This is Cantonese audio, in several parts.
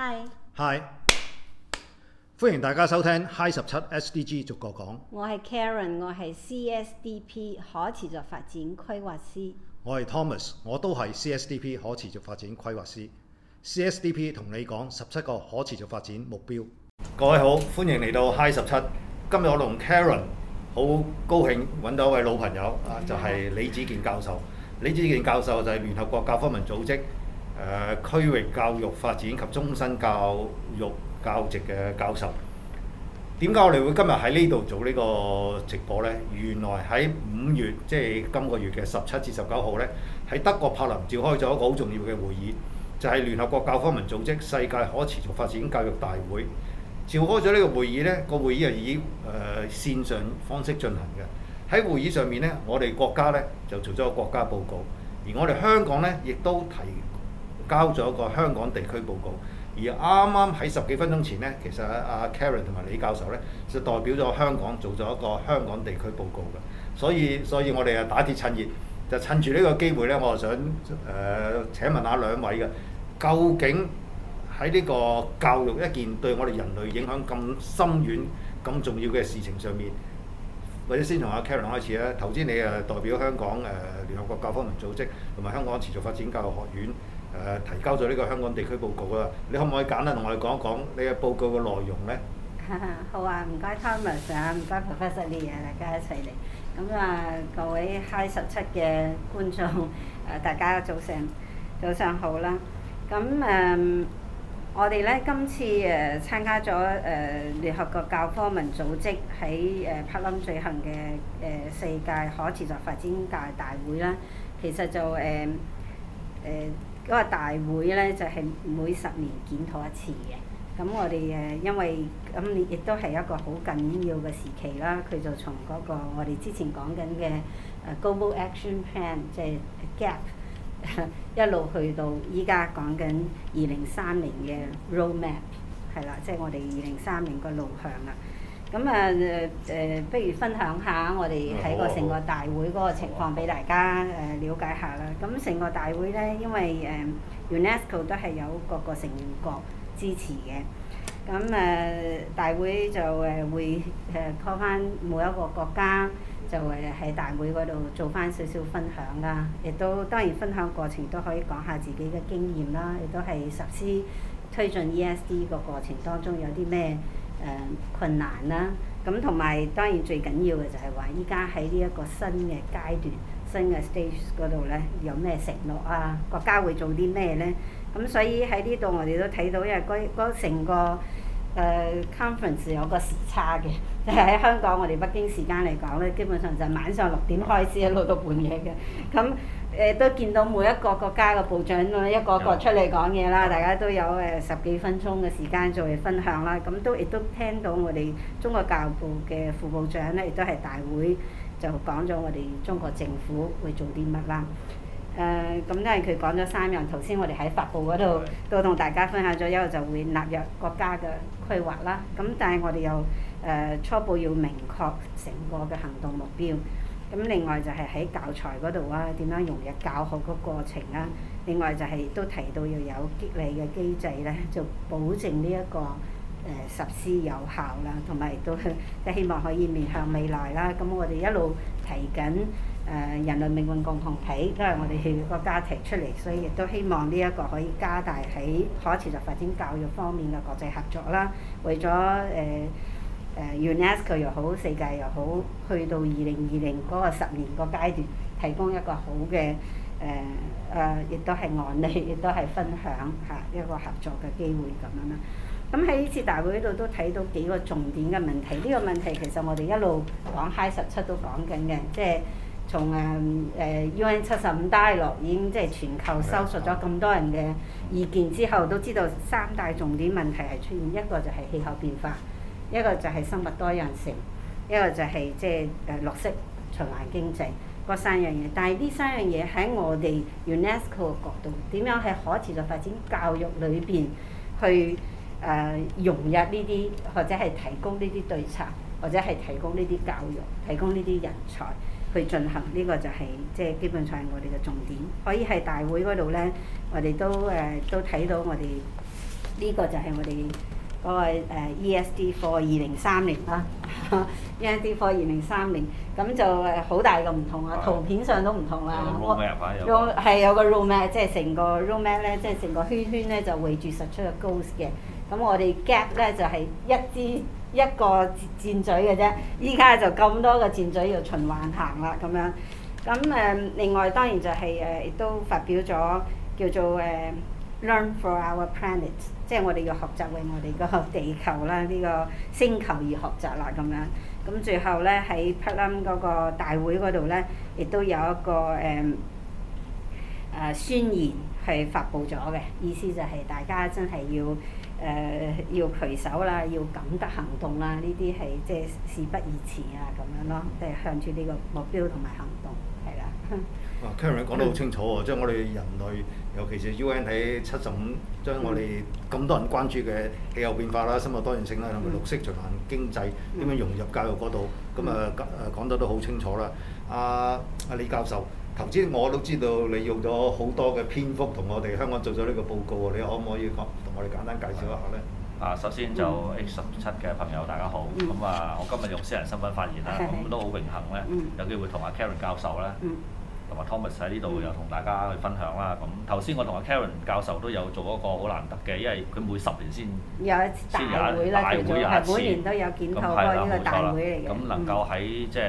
Hi. Hi，歡迎大家收聽 Hi 十七 SDG 逐個講。我係 Karen，我係 CSDP 可持續發展規劃師。我係 Thomas，我都係 CSDP 可持續發展規劃師。CSDP 同你講十七個可持續發展目標。各位好，歡迎嚟到 Hi 十七。今日我同 Karen 好高興搵到一位老朋友啊，mm hmm. 就係李子健教授。李子健教授就係聯合國教科文組織。誒、呃、區域教育發展及終身教育教席嘅教授，點解我哋會今日喺呢度做呢個直播呢？原來喺五月，即係今個月嘅十七至十九號呢，喺德國柏林召開咗一個好重要嘅會議，就係、是、聯合國教科文組織世界可持續發展教育大會。召開咗呢個會議呢，個會議係以誒、呃、線上方式進行嘅。喺會議上面呢，我哋國家呢就做咗個國家報告，而我哋香港呢亦都提交咗個香港地區報告，而啱啱喺十幾分鐘前呢，其實阿 Karen 同埋李教授呢，就代表咗香港做咗一個香港地區報告嘅，所以所以我哋啊打鐵趁熱，就趁住呢個機會呢，我就想誒、呃、請問下兩位嘅究竟喺呢個教育一件對我哋人類影響咁深遠、咁重要嘅事情上面，或者先從阿 Karen 開始咧。頭先你啊代表香港誒、呃、聯合國教科文組織同埋香港持續發展教育學院。誒提交咗呢個香港地區報告啦，你可唔可以簡單同我哋講一講呢個報告嘅內容呢？哈哈，好啊，唔該，Thomas 啊，唔該，Professor 啲嘢，大家一齊嚟。咁啊，各位 Hi 十七嘅觀眾，誒大家早上早上好啦。咁誒，我哋咧今次誒參加咗誒聯合國教科文組織喺誒柏林舉行嘅誒世界可持續發展界大會啦。其實就誒誒。個大會咧就係每十年檢討一次嘅，咁我哋誒因為咁亦都係一個好緊要嘅時期啦，佢就從嗰個我哋之前講緊嘅 Global Action Plan，即係 Gap 一路去到依家講緊二零三年嘅 Roadmap，係啦，即係我哋二零三年個路向啦。咁啊誒、呃、不如分享下我哋喺個成個大會嗰個情況俾好好 大家誒瞭解下啦。咁成個大會咧，因為誒、呃、UNESCO 都係有各個成員國支持嘅。咁誒大會就誒會誒 call 翻每一個國家，就誒喺大會嗰度做翻少少分享啦。亦都當然分享過程都可以講下自己嘅經驗啦。亦都係實施推進 ESD 個過程當中有啲咩？誒、嗯、困難啦、啊，咁同埋當然最緊要嘅就係話，依家喺呢一個新嘅階段、新嘅 stage 嗰度呢，有咩承諾啊？國家會做啲咩呢？咁、嗯、所以喺呢度我哋都睇到，因為嗰成個誒、呃、conference 有個時差嘅，就喺、係、香港我哋北京時間嚟講呢，基本上就晚上六點開始，一路到半夜嘅咁。嗯。誒，都見到每一個國家嘅部長咁一個個出嚟講嘢啦，大家都有誒十幾分鐘嘅時間做嚟分享啦，咁都亦都聽到我哋中國教育部嘅副部長咧亦都係大會就講咗我哋中國政府會做啲乜啦。誒，咁因為佢講咗三樣，頭先我哋喺發布嗰度都同大家分享咗，以後就會納入國家嘅規劃啦。咁但係我哋又誒初步要明確成個嘅行動目標。咁另外就係喺教材嗰度啊，點樣融入教學個過程啦、啊？另外就係都提到要有激勵嘅機制咧，就保證呢、這、一個誒、呃、實施有效啦，同埋都都希望可以面向未來啦。咁、嗯、我哋一路提緊誒、呃、人類命運共同體，因為我哋個家庭出嚟，所以亦都希望呢一個可以加大喺可持續發展教育方面嘅國際合作啦，為咗誒。呃誒 UNESCO 又好，世界又好，去到二零二零嗰個十年個階段，提供一個好嘅誒誒，亦、呃呃、都係案例，亦都係分享吓、啊、一個合作嘅機會咁樣啦。咁喺呢次大會度都睇到幾個重點嘅問題。呢、這個問題其實我哋一路講 high 十七都講緊嘅，即、就、係、是、從誒誒、呃、UN 七十五 Dialogue 已經即係全球搜索咗咁多人嘅意見之後，都知道三大重點問題係出現，一個就係氣候變化。一個就係生物多樣性，一個就係即係誒綠色循環經濟，嗰三樣嘢。但係呢三樣嘢喺我哋 UNESCO 嘅角度，點樣喺可持續發展教育裏邊去誒、呃、融入呢啲，或者係提供呢啲對策，或者係提供呢啲教育，提供呢啲人才去進行呢、呢個就係即係基本上係我哋嘅重點。可以喺大會嗰度咧，我哋都誒、呃、都睇到我哋呢、呢個就係我哋。嗰、那個、呃、ESD for 二零三零啦，ESD for 二零三零，咁就誒好大個唔同啊！同是圖片上都唔同啦，有有，有個 roadmap，即係成個 roadmap 咧，即係成個圈圈咧就圍住實出個 ghost 嘅，咁、嗯、我哋 gap 咧就係、是、一支一個箭嘴嘅啫，依家就咁多個箭嘴要循環行啦咁樣。咁、嗯、誒，另外當然就係誒亦都發表咗叫做誒、呃、Learn for our planet。即係我哋要學習為我哋個地球啦，呢、這個星球而學習啦咁樣。咁最後咧喺柏林嗰個大會嗰度咧，亦都有一個誒誒、嗯啊、宣言係發布咗嘅，意思就係大家真係要誒、呃、要攜手啦，要敢得行動啦，呢啲係即係事不宜遲啊咁樣咯，即係向住呢個目標同埋行動係啦。Karen 講得好清楚喎！將我哋人類，尤其是 U.N. 喺七十五將我哋咁多人關注嘅氣候變化啦、生物多樣性啦、同埋綠色循環經濟點樣融入教育嗰度，咁啊，誒講得都好清楚啦。阿阿李教授，頭先我都知道你用咗好多嘅篇幅同我哋香港做咗呢個報告喎，你可唔可以講同我哋簡單介紹一下咧？啊，首先就 A 十七嘅朋友大家好，咁、嗯嗯嗯、啊，我今日用私人身份發言啦，咁、嗯、都好榮幸咧，嗯、有機會同阿 Karen 教授咧。嗯同埋 Thomas 喺呢度又同大家去分享啦。咁頭先我同阿 Karen 教授都有做一個好難得嘅，因為佢每十年先有一次大會，每年都有檢討過。咁係啦，冇錯啦。咁能夠喺即係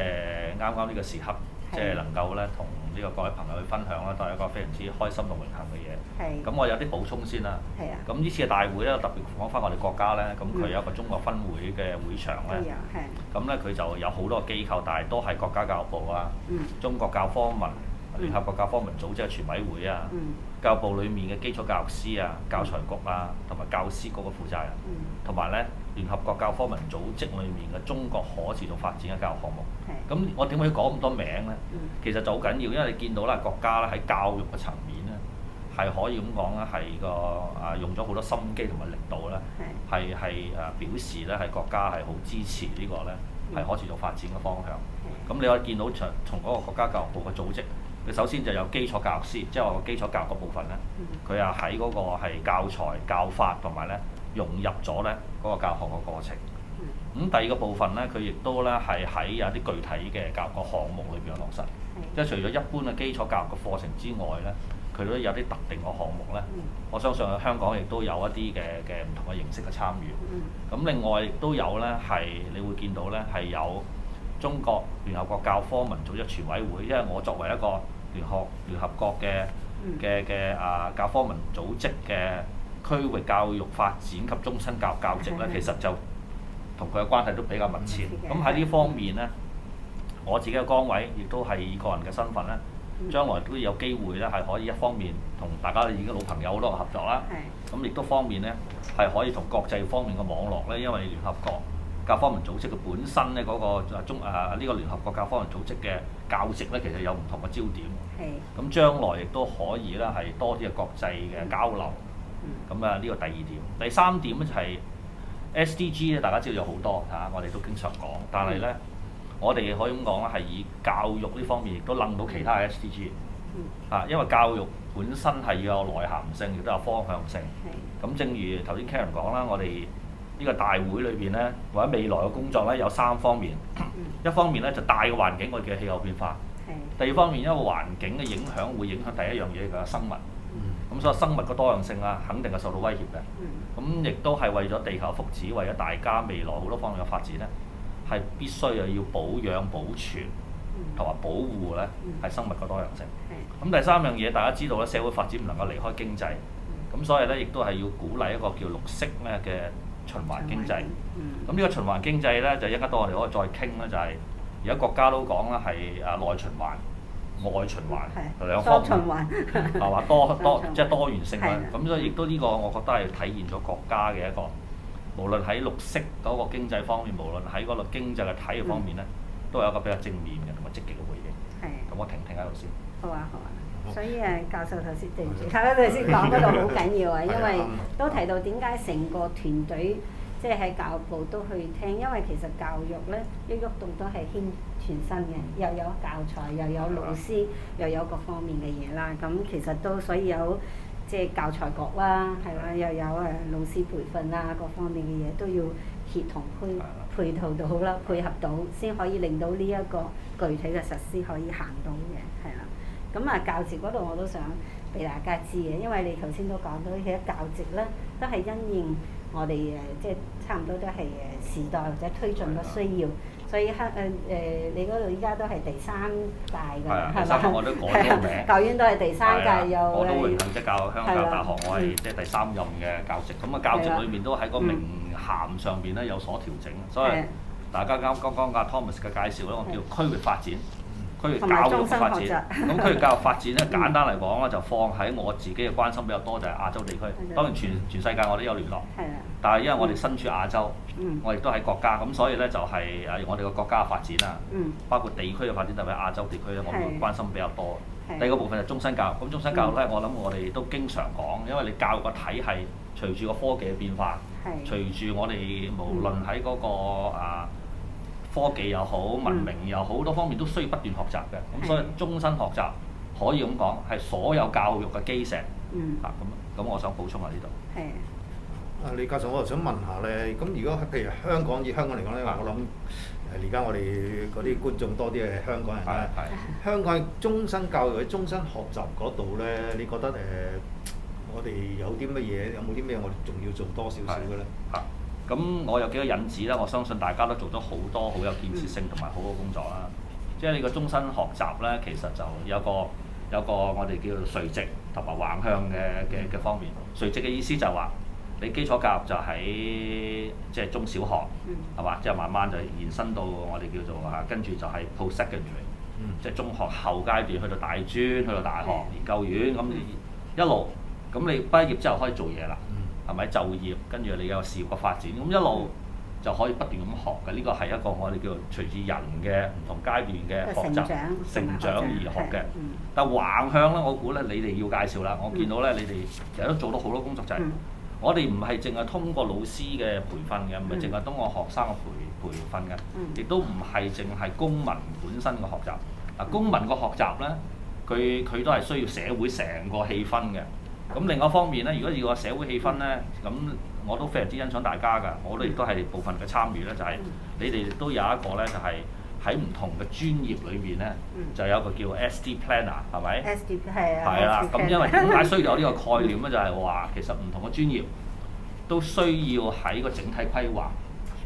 啱啱呢個時刻，嗯、即係能夠咧同呢個各位朋友去分享啦，是都係一個非常之開心同榮幸嘅嘢。係是。咁我有啲補充先啦。係啊。咁呢次嘅大會咧，特別講翻我哋國家咧，咁佢有一個中國分會嘅會場咧。係。咁咧佢就有好多機構，但係都係國家教育部啊，嗯、中國教科文。聯合國教科文組織嘅全委會啊，嗯、教育部裏面嘅基礎教育師啊、教材局啊，同埋教師局嘅負責人，同埋咧聯合國教科文組織裏面嘅中國可持續發展嘅教育項目。咁是我點解要講咁多名咧？嗯、其實就好緊要，因為你見到啦，國家咧喺教育嘅層面咧，係可以咁講咧，係個啊用咗好多心機同埋力度咧，係係誒表示咧係國家係好支持個呢個咧係可持續發展嘅方向。咁是是你可以見到從從嗰個國家教育部嘅組織。首先就有基礎教育師，即係我個基礎教育部分咧，佢又喺嗰個係教材、教法同埋咧融入咗咧嗰個教學嘅過程。咁、嗯、第二個部分咧，佢亦都咧係喺有啲具體嘅教育個項目裏邊嘅落實。是的 即係除咗一般嘅基礎教育嘅課程之外咧，佢都有啲特定嘅項目咧。嗯、我相信香港亦都有一啲嘅嘅唔同嘅形式嘅參與。咁、嗯、另外亦都有咧係你會見到咧係有中國聯合國教科文組織全委會，因為我作為一個聯合聯合國嘅嘅嘅啊，教科文組織嘅區域教育發展及終身教育教席咧，其實就同佢嘅關係都比較密切。咁喺呢方面咧，我自己嘅崗位亦都係以個人嘅身份咧，將來都有機會咧係可以一方面同大家已經老朋友好多合作啦。咁亦都方面咧係可以同國際方面嘅網絡咧，因為聯合國。教科文組織嘅本身咧，嗰、嗰個、中啊呢、呢個聯合國教科文組織嘅教席咧，其實有唔同嘅焦點。咁的將來亦都可以啦，係多啲嘅國際嘅交流。咁啊的，呢個第二點，第三點咧就係 SDG 咧，大家知道有好多嚇、啊，我哋都經常講。但係咧，的我哋可以咁講啦，係以教育呢方面亦都楞到其他嘅 SDG 的。啊，因為教育本身係要有內涵性，亦都有方向性。咁的正如頭先 Karen 講啦，我哋。呢個大會裏邊呢，或者未來嘅工作呢，有三方面。一方面呢，就大嘅環境，我哋叫氣候變化。的第二方面，因為環境嘅影響會影響第一樣嘢，嘅生物。咁所以生物嘅多樣性啊，肯定係受到威脅嘅。咁亦都係為咗地球福祉，為咗大家未來好多方面嘅發展呢，係必須係要保養、保存同埋保護呢，係生物嘅多樣性。咁第三樣嘢，大家知道咧，社會發展唔能夠離開經濟。咁所以呢，亦都係要鼓勵一個叫綠色咩嘅，循環經濟，咁呢個循環經濟咧就一該當我哋可以再傾啦，就係而家國家都講啦，係誒內循環、外循環兩方面循環，係嘛，多多即係多元性啦。咁所以亦都呢個我覺得係體現咗國家嘅一個，無論喺綠色嗰個經濟方面，無論喺嗰個經濟嘅體育方面咧，都有一個比較正面嘅同埋積極嘅回應。係，咁我停停喺度先。好啊，好啊。所以誒，教授頭先對唔住，教授頭先講嗰度好緊要啊， 因為都提到點解成個團隊即係喺教育部都去聽，因為其實教育咧一喐動都係牽全身嘅，又有，有教材，又有，有老師，又有，有各方面嘅嘢啦。咁其實都所以有即係、就是、教材局啦、啊，係啦，又有誒、啊、老師培訓啦、啊，各方面嘅嘢都要協同配配套到好啦，配合到先可以令到呢一個具體嘅實施可以行到嘅。咁啊，教席嗰度我都想俾大家知嘅，因為你頭先都講到，而家教席咧都係因應我哋誒，即係差唔多都係時代或者推進嘅需要，的所以黑誒誒，你嗰度依家都係第三代噶啦，係嘛的。教院都係第三代有，我都榮幸即係教香港大學，的我係即係第三任嘅教，的教席。咁啊，教席裏面都喺個名銜上邊咧有所調整，的的所以大家啱剛剛阿 Thomas 嘅介紹咧，我叫區域發展。區教育發展，咁區教育發展咧，簡單嚟講咧，就放喺我自己嘅關心比較多就係亞洲地區。當然全全世界我都有聯絡，但係因為我哋身處亞洲，我亦都喺國家，咁所以咧就係誒我哋個國家嘅發展啊，包括地區嘅發展，特別係亞洲地區咧，我會關心比較多。第二個部分就係終身教育，咁終身教育咧，我諗我哋都經常講，因為你教育個體系隨住個科技嘅變化，隨住我哋無論喺嗰個啊。科技又好，文明又好，好多方面都需要不斷學習嘅，咁、嗯、所以終身學習可以咁講係所有教育嘅基石，嗯、啊咁，咁我想補充下呢度。係的。啊，李教授，我又想問下咧，咁如果譬如香港以香港嚟講咧，嗱的，我諗而家我哋嗰啲觀眾多啲係香港人啦，香港終身教育、喺終身學習嗰度咧，你覺得誒、呃、我哋有啲乜嘢，有冇啲咩我哋仲要做多少少嘅咧？啊。咁我有幾個引子啦，我相信大家都做咗好多好有建設性同埋好嘅工作啦。即係你個終身學習咧，其實就有個有個我哋叫做垂直同埋橫向嘅嘅嘅方面。垂直嘅意思就係話，你基礎教育就喺即係中小學，係嘛，之後慢慢就延伸到我哋叫做嚇，跟住就係 post-secondary，即係中學後階段去到大專、去到大學、研究院，咁一路，咁你畢業之後可以做嘢啦。係咪就業？跟住你有事時事業個發展，咁一路就可以不斷咁學嘅。呢個係一個我哋叫做隨住人嘅唔同階段嘅學習成長，成長而學嘅。Okay. 但橫向咧，我估咧，你哋要介紹啦。我見到咧，嗯、你哋其實都做到好多工作就係、是，我哋唔係淨係通過老師嘅培訓嘅，唔係淨係通過學生嘅培培訓嘅，亦都唔係淨係公民本身嘅學習。啊，公民嘅學習咧，佢佢都係需要社會成個氣氛嘅。咁另外一方面咧，如果要話社會氣氛咧，咁我都非常之欣賞大家㗎。我都亦都係部分嘅參與咧，就係、是、你哋都有一個咧，就係喺唔同嘅專業裏面咧，就有一個叫 SD Planner 係咪？SD 係啊，係啊。咁 SD planner 因為點解需要有呢個概念咧？就係、是、話其實唔同嘅專業都需要喺個整體規劃。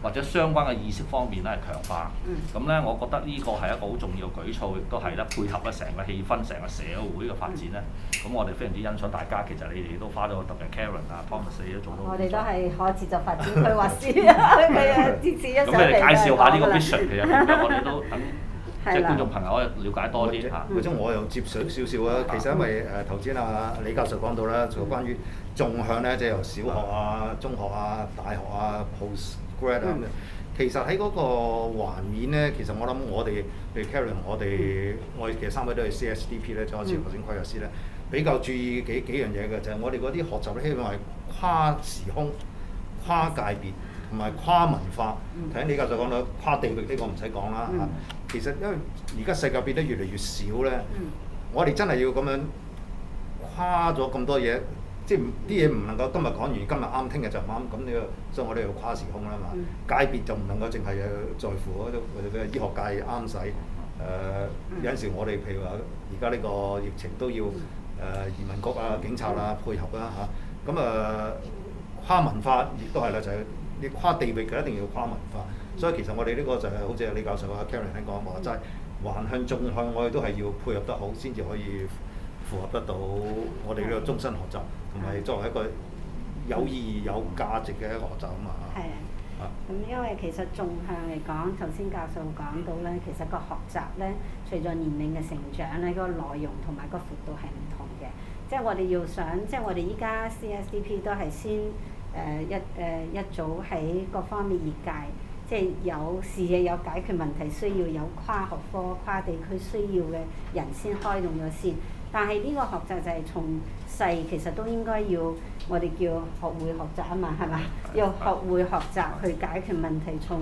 或者相關嘅意識方面咧係強化，咁咧、嗯、我覺得呢個係一個好重要嘅舉措，亦都係咧配合啊成個氣氛、成個社會嘅發展咧。咁、嗯、我哋非常之欣賞大家。其實你哋都花咗特別 Karen 啊、Thomas 啊都做咗、嗯。我哋都係開始就發展去畫線啊，支持一齊嚟。咁介紹下呢個 vision，其實我哋都等即係觀眾朋友可以了解多啲啊。其中 我又接上少少，少啊。其實因為誒頭先啊李教授講到啦，就關於縱向咧，即由小學啊、中學啊、大學啊 post。嗯、其實喺嗰個環面咧，其實我諗我哋，譬如 Karen 同我哋，嗯、我哋其實三位都係 CSDP 咧，就好似頭先，規劃師咧，比較注意幾幾樣嘢嘅就係、是、我哋嗰啲學習咧，希望係跨時空、跨界別同埋跨文化。睇李教授講到跨地域呢個唔使講啦嚇、嗯啊。其實因為而家世界變得越嚟越少咧，嗯、我哋真係要咁樣跨咗咁多嘢。即係啲嘢唔能夠今日講完，今日啱，聽日就唔啱。咁呢所以我哋要跨時空啦嘛，嗯、界別就唔能夠淨係在乎嗰個嘅醫學界啱使。誒、呃嗯、有陣時我哋譬如話而家呢個疫情都要誒、呃、移民局啊、警察啊配合啦嚇。咁啊、呃、跨文化亦都係啦，就係、是、你跨地域嘅一定要跨文化。所以其實我哋呢個就係好似李教授啊、Karen 聽講話齋橫向縱向，我哋都係要配合得好先至可以。符合得到我哋呢個終身學習，同埋的作為一個有意義、有價值嘅一個學習啊嘛嚇。啊的，咁的，因為其實縱向嚟講，頭先教授講到咧，其實個學習咧，除咗年齡嘅成長咧，個內容同埋個幅度係唔同嘅。即係我哋要想，即係我哋依家 C S D P 都係先誒、呃、一誒、呃、一早喺各方面業界，即係有事嘢有，有解決問題需要，有跨學科、跨地區需要嘅人先開動咗先。但係呢個學習就係從細，其實都應該要我哋叫學會學習啊嘛，係嘛？要的學會學習去解決問題，的從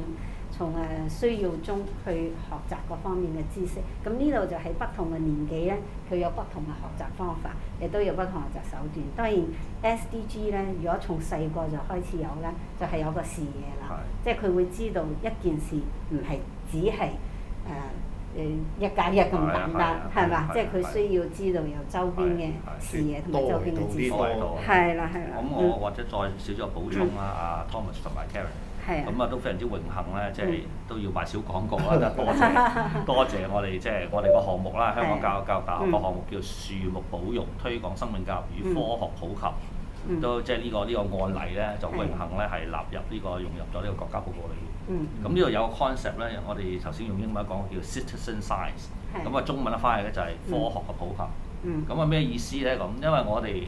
從誒需要中去學習各方面嘅知識。咁呢度就喺不同嘅年紀咧，佢有不同嘅學習方法，亦都有不同學習手段。當然，SDG 咧，如果從細個就開始有咧，就係、是、有個視野啦，的即係佢會知道一件事唔係只係誒。呃誒一加一咁簡單，係嘛？即係佢需要知道有周邊嘅視野同埋周邊嘅知識，係啦係啦。咁我或者再少少補充啦，阿 Thomas 同埋 Karen。係。咁啊都非常之榮幸咧，即係都要賣小廣告啦，多謝多謝我哋即係我哋個項目啦，香港教育教育大學個項目叫樹木保育推廣生命教育與科學普及，都即係呢個呢個案例咧，就榮幸咧係納入呢個融入咗呢個國家報告裏。咁呢度有個 concept 咧，我哋頭先用英文講叫 citizen s i z e 咁啊中文一翻嚟咧就係科學嘅普及。咁啊咩意思咧？咁因為我哋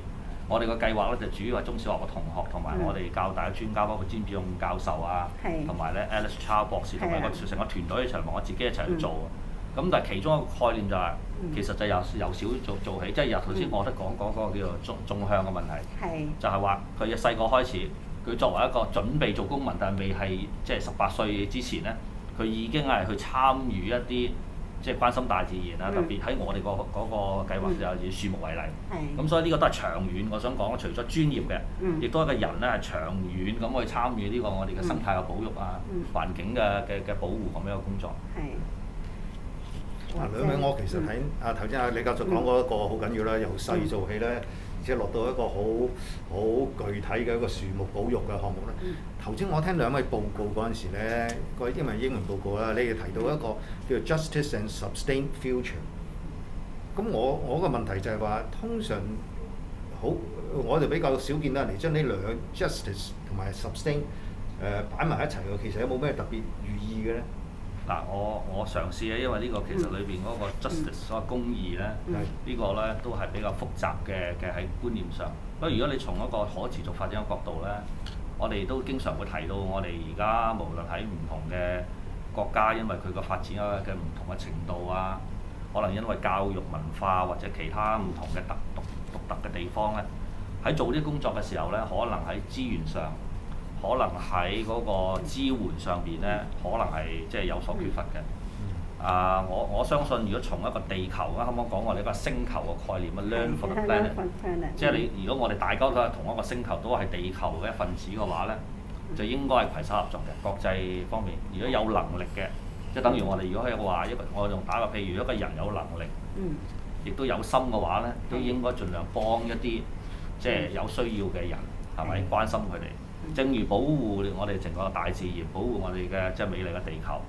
我哋個計劃咧就主要係中小學嘅同學，同埋我哋教大嘅專家包括詹志勇教授啊，同埋咧 a l i c e Chow 博士同埋個成個團隊一齊，同我自己一齊去做。咁但係其中一個概念就係，其實就由由小做做起，即係由頭先我都講講嗰個叫做縱縱向嘅問題，就係話佢要細個開始。佢作為一個準備做公民，但未係即係十八歲之前呢，佢已經係去參與一啲即係關心大自然啊！特別喺我哋個嗰個計劃就以樹木為例。咁所以呢個都係長遠，我想講除咗專業嘅，亦都係個人呢，係長遠咁去參與呢個我哋嘅生態嘅保育啊，環境嘅嘅嘅保護咁樣嘅工作。係。嗱兩位，我其實喺啊頭先阿李教授講嗰一個好緊要啦，由細做起咧。即係落到一個好好具體嘅一個樹木保育嘅項目咧。頭先、嗯、我聽兩位報告嗰陣時咧，各位英文報告啦，你哋提到一個叫做 justice and sustain future。咁我我個問題就係話，通常好，我就比較少見人你將呢兩 justice 同埋 sustain 誒、呃、擺埋一齊嘅，其實有冇咩特別寓意嘅咧？嗱，我我嘗試咧，因為呢個其實裏邊嗰個 justice，所謂公義咧，mm hmm. 個呢個咧都係比較複雜嘅嘅喺觀念上。不過如果你從一個可持續發展嘅角度咧，我哋都經常會提到我哋而家無論喺唔同嘅國家，因為佢個發展嘅嘅唔同嘅程度啊，可能因為教育文化或者其他唔同嘅特獨獨特嘅地方咧，喺做啲工作嘅時候咧，可能喺資源上。可能喺嗰個支援上邊咧，可能係即係有所缺乏嘅。嗯、啊，我我相信，如果從一個地球，啱啱講我哋一個星球嘅概念嘅的 learn from the planet 即係你如果我哋大家都係同一個星球，都係地球嘅一份子嘅話咧，就應該係攜手合作嘅國際方面。如果有能力嘅，即係等於我哋如果可以話一個，我仲打個譬如，一個人有能力，亦、嗯、都有心嘅話咧，都應該盡量幫一啲即係有需要嘅人，係咪關心佢哋？正如保護我哋整個大自然，保護我哋嘅即係美麗嘅地球。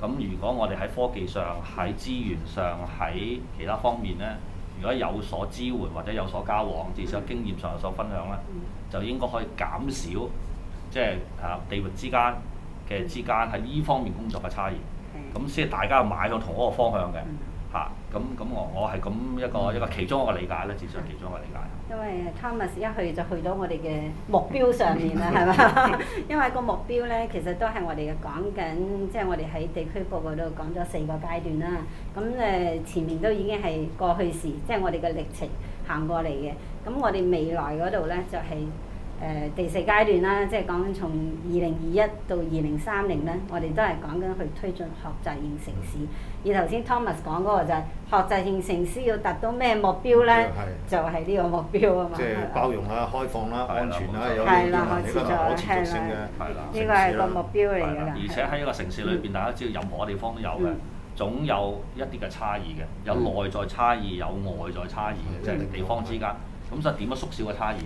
咁的如果我哋喺科技上、喺資源上、喺其他方面呢，如果有所支援或者有所交往，至少經驗上有所分享呢，就應該可以減少即係啊地域之間嘅之間喺呢方面工作嘅差異。咁先的大家買向同一個方向嘅。咁咁我我係咁一個一個其中一個理解啦，只係其中一個理解。因為、嗯、Thomas 一去就去到我哋嘅目標上面啦，係嘛？ 因為個目標咧，其實都係我哋嘅講緊，即係我哋喺地區報告度講咗四個階段啦。咁誒前面都已經係過去時，即係我哋嘅歷程行過嚟嘅。咁我哋未來嗰度咧就係。誒第四階段啦，即係講緊從二零二一到二零三零咧，我哋都係講緊去推進學習型城市。而頭先 Thomas 講嗰個就係學習型城市要達到咩目標咧？就係呢個目標啊嘛。即係包容啦、開放啦、安全啦，有，係啦，呢個就可持續性嘅。係啦，呢個係個目標嚟㗎啦。而且喺一個城市裏邊，大家知道任何地方都有嘅，總有一啲嘅差異嘅，有內在差異，有外在差異嘅，即係地方之間。咁就係點樣縮小嘅差異？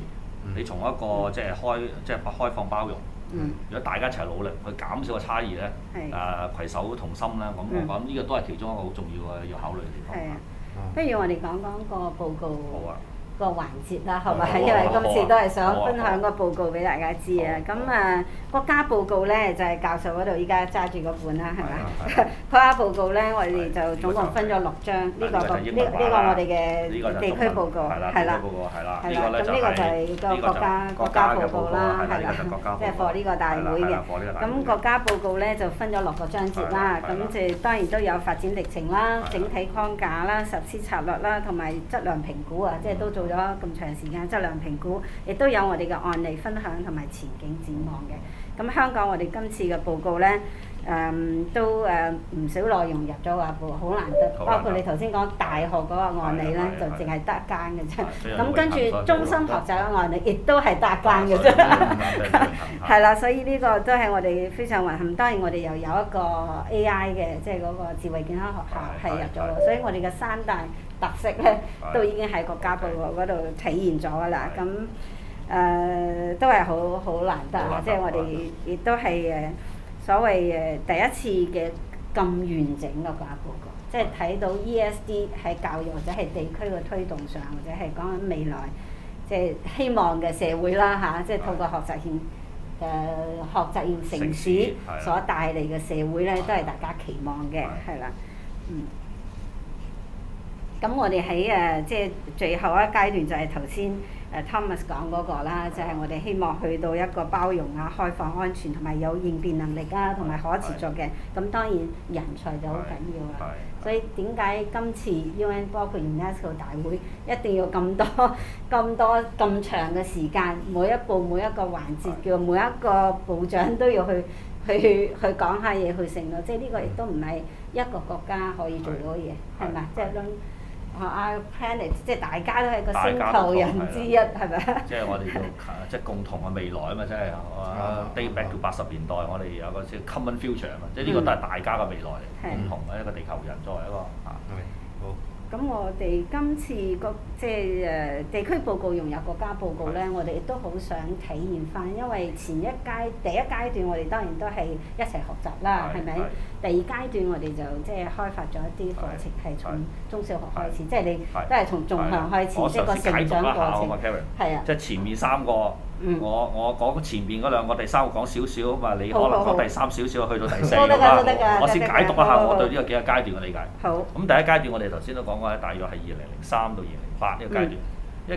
嗯、你從一個即係開，嗯、即係開放包容。嗯、如果大家一齊努力，去減少個差異咧，誒、係、呃，攜手同心咧，咁、嗯嗯、我諗呢個都係其中一個好重要嘅要考慮嘅地方。係、啊啊、不如我哋講講個報告。好啊。個環節啦，係咪？因為今次都係想分享個報告俾大家知啊。咁啊，國家報告呢，就係教授嗰度依家揸住個本啦，係咪？國家報告呢，我哋就總共分咗六章。呢個呢個我哋嘅地區報告，係啦。國係啦，係啦。咁呢個就係個國家國家報告啦，係啦，即係過呢個大會嘅。咁國家報告呢，就分咗六個章節啦。咁就係當然都有發展歷程啦、整體框架啦、實施策略啦，同埋質量評估啊，即係都做。咁長時間質量評估，亦都有我哋嘅案例分享同埋前景展望嘅。咁香港我哋今次嘅報告呢，誒都誒唔少內容入咗話簿，好難得。包括你頭先講大學嗰個案例呢，就淨係得間嘅啫。咁跟住終身學習嘅案例，亦都係得間嘅啫。係啦，所以呢個都係我哋非常遺憾。當然我哋又有一個 AI 嘅，即係嗰個智慧健康學校係入咗，所以我哋嘅三大。特色咧 都已經喺國家報告嗰度體現咗噶啦，咁誒、 呃、都係好好難得,難得啊！即係我哋亦都係誒所謂誒第一次嘅咁完整嘅國家報告，即係睇到 ESD 喺教育或者係地區嘅推動上，或者係講緊未來即係希望嘅社會啦吓、啊，即係透過學習型誒、啊、學習型城市所帶嚟嘅社會咧，都係大家期望嘅，係啦，嗯。 咁我哋喺誒，即、啊、係、就是、最後一階段就係頭先誒 Thomas 講嗰個啦，是的 就係我哋希望去到一個包容啊、開放、安全同埋有，有應變能力啊，同埋可持續嘅。咁是的、嗯、當然人才就好緊要啊。是的 所以點解今次 UN 包括、OK, UNESCO 大會一定要咁多、咁多、咁長嘅時間，每一步每一個環節是的 叫每一個部長都要去去去，去講下嘢去成咯。即係呢個亦都唔係一個國家可以做到嘅嘢，係咪？即係是的 啊、oh！I planet，即係大家都係個星球人之一，係咪？吧即係我哋叫 即係共同嘅未來啊 嘛！即係啊 day back 到八十年代，我哋有個叫 common future 啊嘛！即係呢個都係大家嘅未來嚟，嗯、共同嘅一個地球人作為一個。嚇。咁我哋今次個即係誒、呃、地區報告融入國家報告咧，是我哋亦都好想體驗返，因為前一階第一階段我哋當然都係一齊學習啦，係咪？第二階段我哋就即係開發咗一啲課程，係從中小學開始，即係你是都係從縱向開始即係個成長過程，係啊是，即係前面三個。Mm. 我我講前邊嗰兩個，第三個講少少啊，你可能講第三少少去到第四啊，我先解讀一下我對呢個幾個階段嘅理解。咁好第一階段我哋頭先都講過咧，大約係二零零三到二零零八呢個階段。呢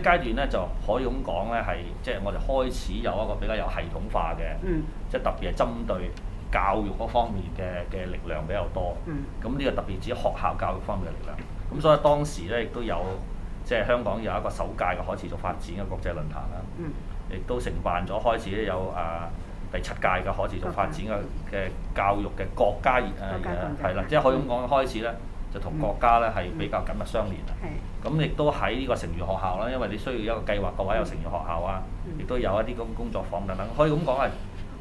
個、mm. 階段咧就可以咁講咧，係即係我哋開始有一個比較有系統化嘅，即係、mm. 特別係針對教育嗰方面嘅嘅力量比較多。嗯。咁呢個特別指學校教育方面嘅力量。咁所以當時咧亦都有即係、就是、香港有一個首屆嘅可持續發展嘅國際論壇啦。Mm. 亦都承辦咗，開始有啊第七屆嘅可持續發展嘅嘅教育嘅國家熱啊的，係啦，嗯、即係可以咁講，開始咧就同國家咧係比較緊密相連啊。咁亦都喺呢個成員學校啦，因為你需要一個計劃嘅話，位有成員學校啊，亦都有一啲工工作坊等等，可以咁講係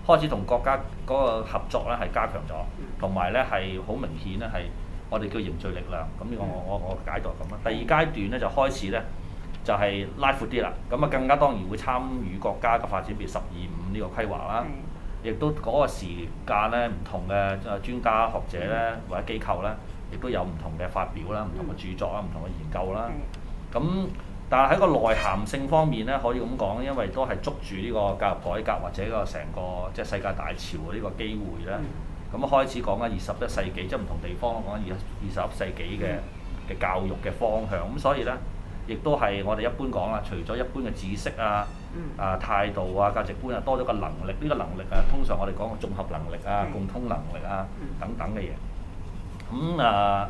開始同國家嗰個合作咧係加強咗，同埋咧係好明顯咧係我哋叫凝聚力量。咁我我我解讀咁啊。第二階段咧就開始咧。就係拉闊啲啦，咁啊更加當然會參與國家嘅發展，譬如十二五呢個規劃啦，亦是的 都嗰個時間咧，唔同嘅啊專家學者咧，或者機構咧，亦都有唔同嘅發表啦，唔是的 同嘅著作啊，唔同嘅研究啦。咁是的 但係喺個內涵性方面咧，可以咁講，因為都係捉住呢個教育改革或者個成個即係世界大潮嘅呢個機會咧。咁是的 開始講緊二十一世紀，即係唔同地方講二二十世紀嘅嘅教育嘅方向。咁所以咧。亦都係我哋一般講啦，除咗一般嘅知識啊、啊態度啊、價值觀啊，多咗個能力。呢個能力啊，通常我哋講綜合能力啊、共通能力啊等等嘅嘢。咁、嗯、啊，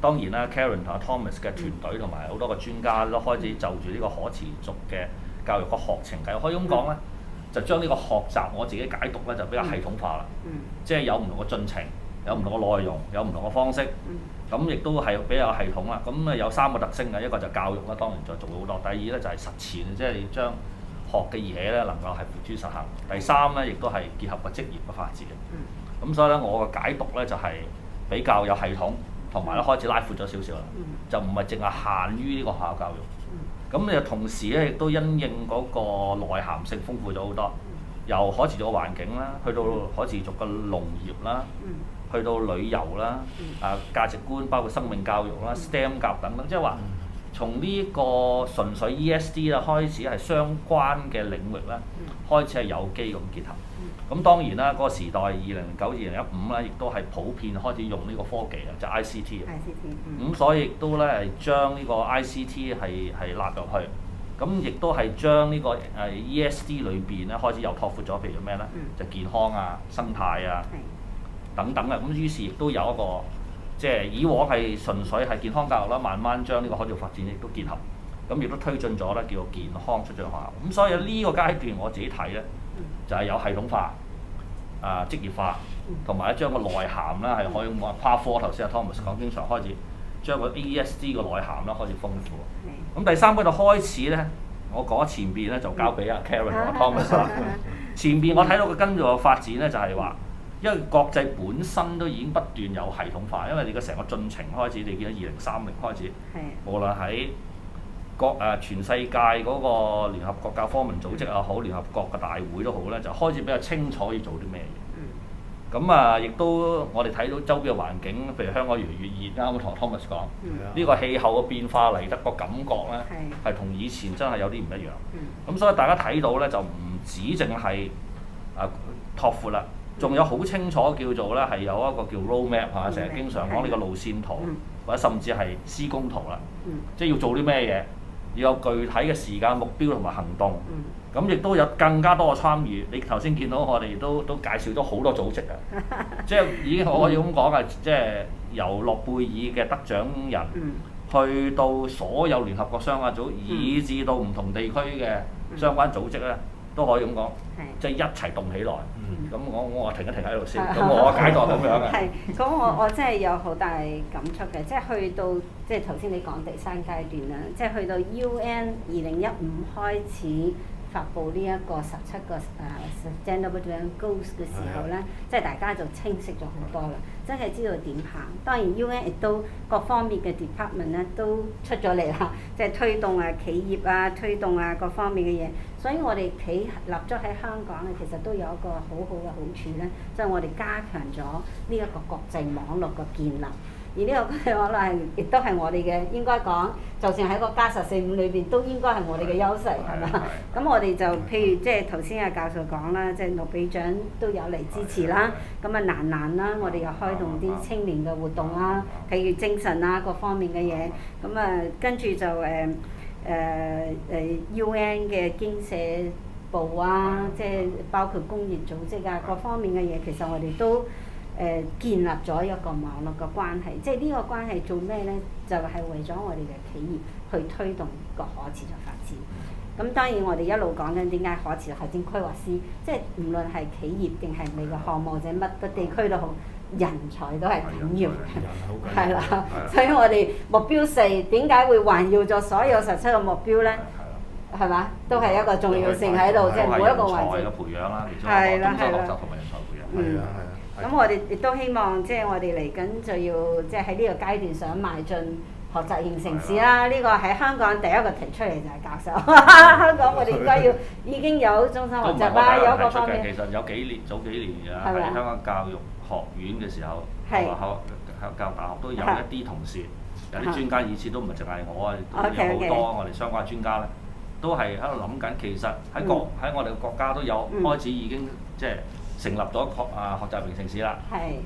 當然啦，Karen 同阿 Thomas 嘅團隊同埋好多個專家都開始就住呢個可持續嘅教育個學程，可以咁講咧，就將呢個學習我自己解讀咧，就比較系統化啦。即係有唔同嘅進程，有唔同嘅內容，有唔同嘅方式。咁亦都係比較有系統啦，咁啊有三個特徵嘅，一個就教育啦，當然在做咗好多；第二咧就係實踐，即係你將學嘅嘢咧能夠係付諸實行；第三咧亦都係結合個職業嘅發展。咁所以咧，我嘅解讀咧就係比較有系統，同埋咧開始拉闊咗少少，嗯、就唔係淨係限於呢個學校教育。咁又、嗯、同時咧，亦都因應嗰個內涵性豐富咗好多，由可持續嘅環境啦，去到可持續嘅農業啦。嗯嗯去到旅遊啦，啊價值觀包括生命教育啦、嗯、STEM 教等等，即係話從呢個純粹 ESD 啦開始係相關嘅領域啦，嗯、開始係有機咁結合。咁、嗯、當然啦，嗰、那個時代，二零零九二零一五啦，亦都係普遍開始用呢個科技嘅，就是、ICT IC、嗯。ICT。咁所以亦都咧係將呢個 ICT 係係納入去，咁亦都係將呢個誒 ESD 裏邊咧開始又拓闊咗，譬如咩咧，嗯、就健康啊、生態啊。嗯等等嘅，咁於是亦都有一個，即係以往係純粹係健康教育啦，慢慢將呢個可持續發展亦都結合，咁亦都推進咗咧叫做健康出眾學校。咁所以呢個階段，我自己睇咧就係、是、有系統化、啊職業化，同埋咧將個內涵咧係可以跨科。頭先阿 Thomas 講，經常開始將個 AEDS 嘅內涵啦開始豐富。咁第三個就開始咧，我講前邊咧就交俾阿 Karen 同阿 Thomas，前邊我睇到佢跟住個發展咧就係話。因為國際本身都已經不斷有系統化，因為你個成個進程開始，你見到二零三零開始，的無論喺國誒全世界嗰個聯合國教科文組織又好，聯的合國嘅大會都好咧，就開始比較清楚要做啲咩嘢。咁啊、嗯，亦都我哋睇到周邊嘅環境，譬如香港越嚟越熱，啱啱我同 Thomas 講，呢的個氣候嘅變化嚟得個感覺咧，係同以前真係有啲唔一樣。咁的 所以大家睇到咧，就唔止淨係托拓寬啦。仲有好清楚叫做咧，係有一個叫 roadmap 嚇、啊，成日經常講呢個路線圖，或者甚至係施工圖啦，嗯、即係要做啲咩嘢，要有具體嘅時間目標同埋行動，咁亦、嗯、都有更加多嘅參與，你頭先見到我哋都都介紹咗好多組織啊， 即係已經可以咁講啊，嗯、即係由諾貝爾嘅得獎人，嗯、去到所有聯合國相關組，以至到唔同地區嘅相關組織咧，嗯嗯、都可以咁講，即係一齊動起來。咁、嗯、我我話停一停喺度先，咁、嗯、我解答咁樣嘅係咁我我真係有好大感觸嘅，即係去到即係頭先你講第三階段啦，即係去到 UN 二零一五開始。發布呢一個十七個誒，Sustainable Development Goals 嘅時候咧，即係 Yes. 大家就清晰咗好多啦，真係知道點行。當然，UN 呢亦都各方面嘅 department 呢都出咗嚟啦，即係推動啊企業啊推動啊各方面嘅嘢。所以我哋企立咗喺香港嘅，其實都有一個好好嘅好處咧，即係我哋加強咗呢一個國際網絡嘅建立。而呢個可能係亦都係我哋嘅，應該講，就算喺個加十四五裏邊，都應該係我哋嘅優勢，係咪啊？咁我哋就譬如即係頭先阿教授講啦，即係諾比獎都有嚟支持啦。咁啊難難啦，的我哋又開動啲青年嘅活動啦，體育精神啊各方面嘅嘢。咁啊的，跟住就誒誒誒 UN 嘅經社部啊，即係包括工業組織啊各方面嘅嘢，其實我哋都～建立咗一個網絡嘅關係，即係呢個關係做咩呢？就係為咗我哋嘅企業去推動一個可持續發展。咁當然我哋一路講緊點解可持續發展規劃師，即係無論係企業定係你個項目或者乜個地區都好，人才都係緊要嘅，係啦。所以我哋目標四點解會環繞咗所有十七個目標呢？係嘛，都係一個重要性喺度，即係每一個位。人才嘅培養啦，其中工作學習同埋人才培養，嗯。咁我哋亦都希望，即係我哋嚟緊就要，即係喺呢個階段想邁進學習型城市啦。呢個喺香港第一個提出嚟就係教授。香港我哋應該要已經有中心學習啦，有一個方面。其實有幾年早幾年啊，喺香港教育學院嘅時候，或學學教育大學都有一啲同事，有啲專家，以前都唔係淨係我啊，有好多我哋相關專家咧，都係喺度諗緊。其實喺國喺我哋嘅國家都有開始已經即係。成立咗學啊學習型城市啦，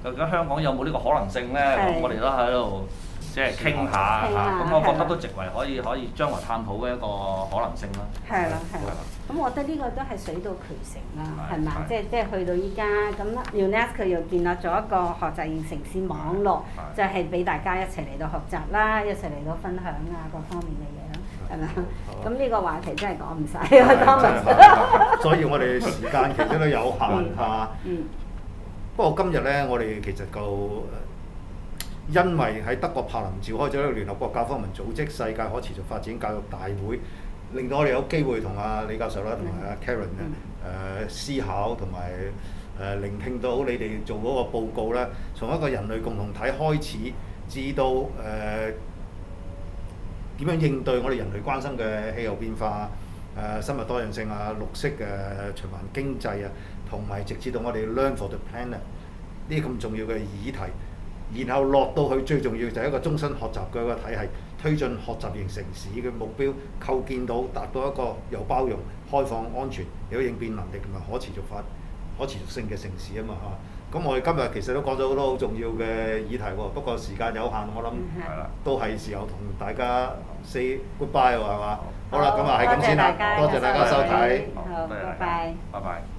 咁而家香港有冇呢個可能性咧？我哋都喺度即係傾下，咁我覺得都視為可以可以將來探討嘅一個可能性咯。係啦係啦，咁我覺得呢個都係水到渠成啦，係嘛？即係即係去到依家咁 UNESCO 又建立咗一個學習型城市網絡，就係俾大家一齊嚟到學習啦，一齊嚟到分享啊各方面嘅嘢。係咁，呢個話題真係講唔晒、 啊啊啊，所以我哋時間其實都有限嚇。 嗯、不過今日呢，我哋其實就因為喺德國柏林召開咗一個聯合國教科文組織世界可持續發展教育大會，令到我哋有機會同阿李教授啦，同埋阿 Karen 啊，誒思考同埋誒聆聽到你哋做嗰個報告呢，從一個人類共同體開始，至到誒。點樣應對我哋人類關心嘅氣候變化、啊、誒、啊、生物多樣性啊、綠色嘅、啊、循環經濟啊，同埋直至到我哋 learn for the planet 呢咁重要嘅議題，然後落到去最重要就係一個終身學習嘅一個體系，推進學習型城市嘅目標，構建到達到一個有包容、開放、安全、有應變能力同埋可持續發可持續性嘅城市啊嘛嚇。啊。咁我哋今日其實都講咗好多好重要嘅議題喎、哦，不過時間有限，我諗係啦，都係時候同大家 say goodbye 喎，係嘛？好啦，咁啊吧，係咁先啦，多謝，多謝大家收睇，拜拜，拜拜。拜拜。